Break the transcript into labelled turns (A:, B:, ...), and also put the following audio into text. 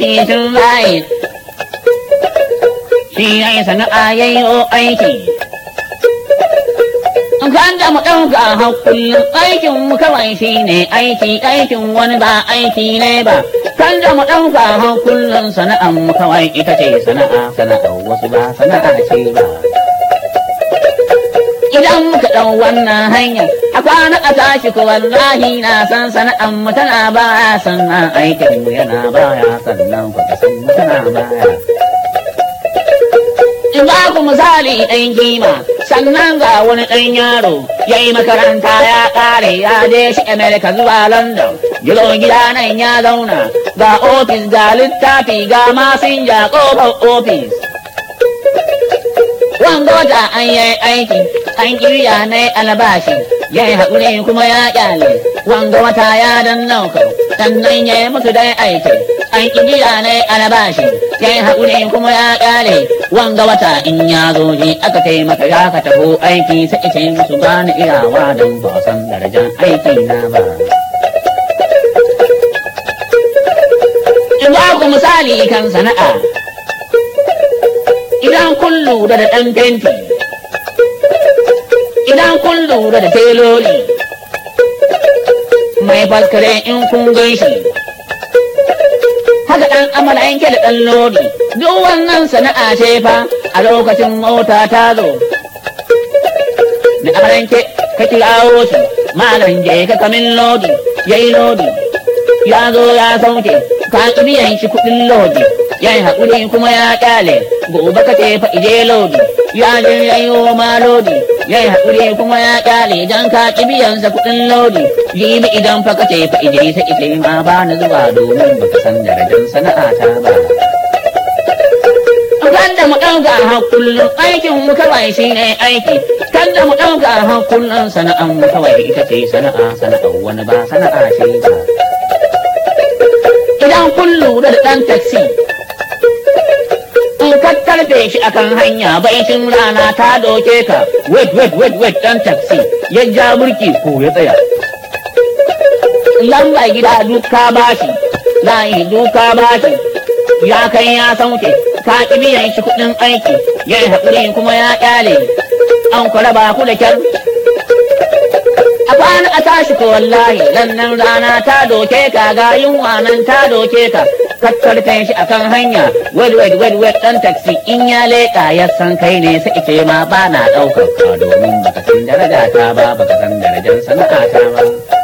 A: aiki tun bayi shi ya yi sana'a ya yi aiki Gwanda mu ɗauka hakullin aikin mu kawai shi ne aiki aikin wani ba aiki ne ba. kan da mu ɗauka hakullin sana'a mu kawai ita ce sana'a sana'a wasu ba sana'a ce ba. idan muka ɗan wannan hanyar a kwana a tashi ko wallahi na san sana'an mu tana baya sannan aikin mu yana baya sannan ku san mu tana baya in ba ku misali ɗan kima sannan ga wani ɗan yaro ya yi makaranta ya ƙare ya je shi amerika zuwa london jiro gida nan ya zauna ga ofis ga littafi ga masinja ƙofar ofis an goda an yi aiki an kirya na albashi ya yi haƙuri kuma ya ƙyale wanga wata ya dan nauka sannan ya yi musu dai aiki an kirya na albashi ya yi haƙuri kuma ya ƙyale wanga wata in ya zo ne aka kai maka ya ka taho aiki sai ce musu gane iyawa don ba san darajar aiki na ba. In ba ku misali kan sana'a idan kun lura da ɗan fenti idan kun lura da teloli mai faskare in kun gan shi haka ɗan amala da ɗan lodi duk wannan sana'a ce fa a lokacin mota ta zo da ke ka kirawo shi malam je ka kamin lodi yayi lodi ya zo ya sauke ka biyan shi kuɗin lodi yayi haƙuri kuma ya ƙyale gobe ka ce fa ije lodi ya je yayo ma lodi yayi haƙuri kuma ya ƙyale dan ka ki biyan sa kuɗin lodi jibi idan fa ka ce fa ije sa ite ma ba na zuwa domin ba ka san darajar sana'a ta ba kan da mu ɗauka a kullum aikin mu kawai shi ne aiki kan da mu ɗauka a kullum sana'an mu kawai ita ce sana'a sana'a wani ba sana'a ce ba idan kun lura da ɗan taksi shi akan hanya baicin rana ta doke ka wait wait wait wait dan taxi ya ja burki ko ya tsaya lamba gida duka bashi layi duka bashi ya kai ya sauke ka ki biyan shi kuɗin aiki ya yi kuma ya ƙyale an kula ba ku da kyar a an a tashi ko wallahi nan rana ta doke ka ga yunwa nan ta doke ka kakkarfe shi akan hanya wed wed wed wed dan taksi in ya leka ya san kai ne sai ce ma ba na daukar domin baka san darajata ta ba baka san darajar sana'a ta ba